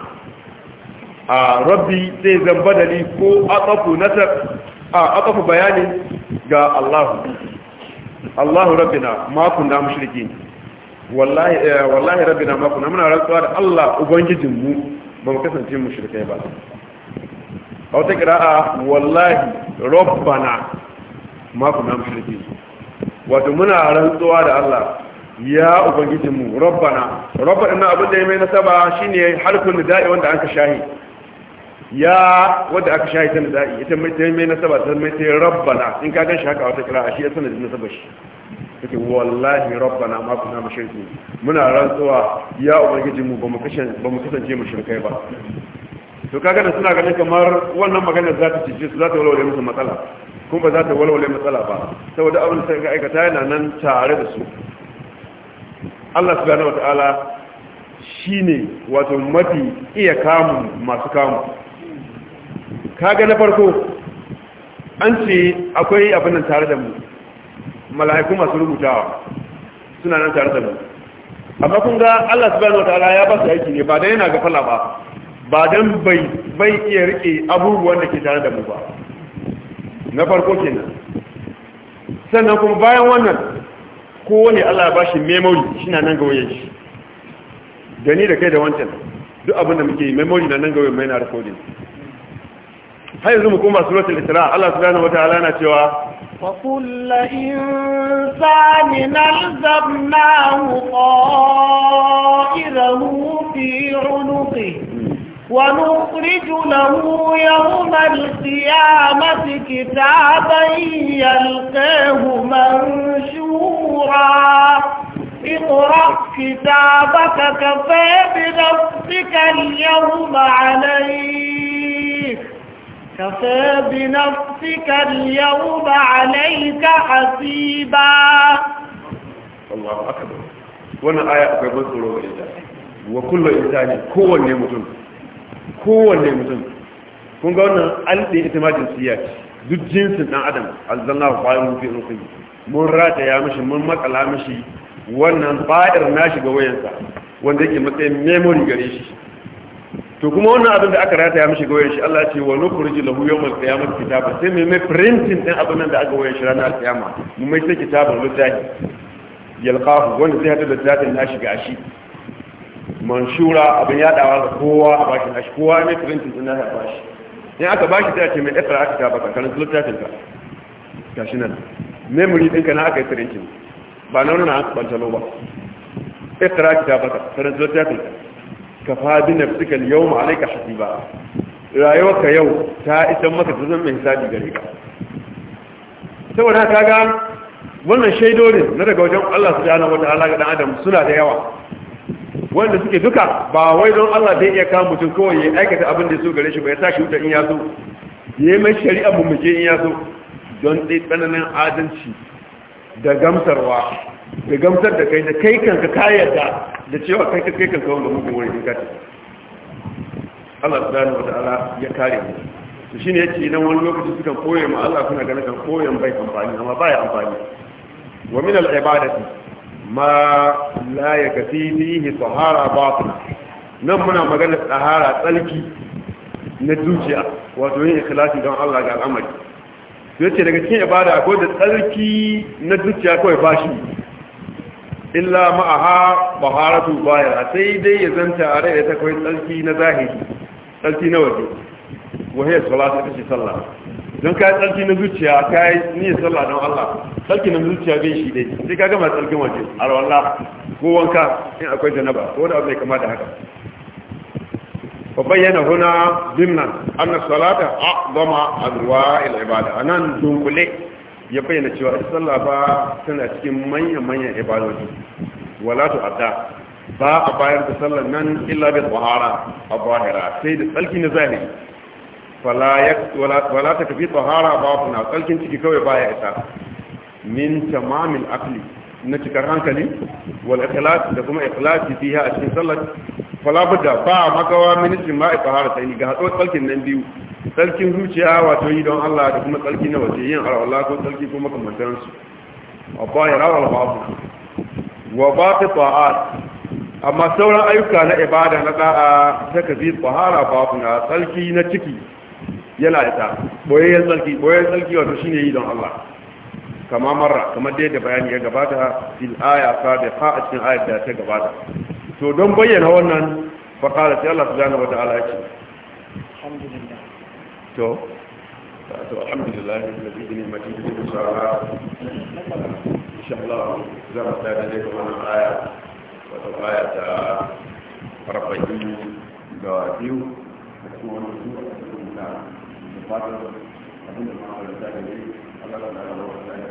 a rabbi zai zamba dali ko aqafu nasab a aqafu bayani ga Allah Allah rabbina ma kunna am shirki wallahi eh, wallahi na maku na muna rantsuwa da Allah ubangijin mu ba mu kasance mu shirka ba a wata kira'a wallahi rabbana maku na mushriki wato muna rantsuwa da Allah ya ubangijin mu rabbana rabbana abin da ya mai nasaba shine harfin nida'i wanda ka shahi ya wanda aka shahi ta nida'i ita mai mai nasaba ta mai ta rabbana in ka gan shi haka wata kira'a shi ya sanar da nasaba shi suke wallahi rabbana ma kuna mushrikin muna rantsuwa ya ubangiji mu bamu kasance bamu kasance mushrikai ba to kaga da suna ganin kamar wannan magana za ta su za ta walwale musu matsala kuma ba za ta walwale matsala ba saboda abin da suka aikata yana nan tare da su Allah subhanahu wataala shine wato mafi iya kamun masu kamu kaga na farko an ce akwai abin nan tare da mu mala'iku masu rubutawa suna nan tare da mu amma kun ga Allah subhanahu wataala ya ba su aiki ne ba dan yana ga fala ba ba dan bai bai iya rike abubuwan da ke tare da mu ba na farko kenan sannan kuma bayan wannan kowane Allah ya bashi memory shi na nan ga wayar shi da da kai da wancan duk abin da muke yi memory na nan ga wayar mai na recording هاي زم كوما سورة الإسراء الله سبحانه وتعالى نتوى وكل إنسان ألزمناه طائره في عنقه ونخرج له يوم القيامة كتابا يلقيه منشورا اقرأ كتابك كفى بنفسك اليوم عليك كفى بنفسك اليوم عليك حسيبا الله أكبر وانا آية أكبر سورة إنسان وكل إنسان كون mutum kowanne mutum kun ga wannan alɗe itimajin siya duk jinsin ɗan adam alzanna bayan rufe rukun mun rata ya mishi mun matsala mishi wannan bayar na shiga wayansa wanda yake matsayin memori gare shi to kuma wannan abin da aka rataya mishi ga wayar shi Allah ce wa nukhriji lahu yawmal qiyamati kitaba sai mai mai printing din abin nan da aka wayan shi ranar kiyama mun mai sai kitabun littafi yalqahu wanda zai hada da littafin nashi ga shi manshura abin ya yadawa ga kowa a bashi nashi kowa mai printing din nashi bashi in aka bashi sai a ce mai ikra aka ka baka karanta littafin ka gashi nan memory din ka na aka yi printing ba nan na aka bantalo ba ikra kitabaka karanta littafin ka ka fadi nafsika al-yawma alayka Rayuwa rayuwarka yau ta isa maka ta zama hisabi gare ka saboda ga wannan shaidorin na daga wajen Allah subhanahu wataala ga dan adam suna da yawa wanda suke duka ba wai don Allah zai iya kama mutum kawai ya aikata abin da so gare shi ba ya sa shi wuta in ya so ya yi mai shari'a mummuke in ya so don ɗai tsananin adalci da gamsarwa Ka gamsar da kai da kai kanka ka yarda da cewa kai kai kanka wanda mugun wani in ka Allah subhanahu wa ta'ala ya kare mu to shine yace idan wani lokaci suka koye mu Allah kuna ganin kan koyon bai amfani amma baya amfani wa min al ibadati ma la yakfi fihi tahara batin nan muna magana tahara tsalki na zuciya wato yin ikhlasi don Allah ga al'amari yace daga cikin ibada akwai da tsalki na zuciya kawai bashi illa ma'aha baharatu baya sai dai ya zanta a rai da ta kai tsarki na zahiri tsarki na waje wahiyar salatu ta ce sallah don kayan tsarki na zuciya kayan niyyar sallah don Allah tsarki na zuciya bin shi dai sai ka gama tsarkin waje arwalla ko wanka in akwai janaba ko da abu mai kama haka fa bayyana huna dimnan anna salata ruwa anwa'il ibada a nan dunkule ya bayyana cewa sallah ba tana cikin manyan-manyan ibadoji wala to adda ba a bayar da sallar nan illa bi tahara a bahira sai da tsalki na zahiri fala ya wala ta kafi tahara ba kuna tsalkin ciki kawai baya isa min tamamil akli na cikar hankali wal ikhlas da kuma ikhlasi fiha a cikin sallar fala budda ba makawa min jima'i fahara sai ga hatsuwar tsalkin nan biyu tsalkin zuciya wato yi don Allah da kuma tsalki na waje yin alwala ko tsalki ko makamantan su abba ya rawal babu wa ba ta ta'at amma sauran ayyuka na ibada na da'a ta kafi fahara babu na tsalki na ciki yana da ta boyayyen tsalki boyayyen tsalki wato shine yi don Allah kama marra kamar dai da bayani ya gabata fil aya sabiqa a cikin ayat da ta gabata to don bayyana wannan fa qala sai Allah subhanahu wataala ya ce alhamdulillah to to alhamdulillah alladhi bi ni'matihi insha Allah za mu tsaya da wannan aya wato aya ta arba'in da biyu kuma wannan ta fatan abin da ne Allah